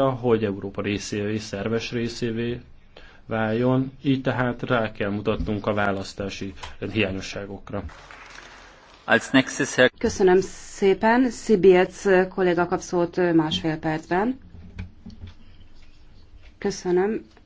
hogy Európa részévé, szerves részévé váljon, így tehát rá kell mutatnunk a választási hiányosságokra. Köszönöm szépen. Szibiec kolléga kap szót másfél percben. Köszönöm.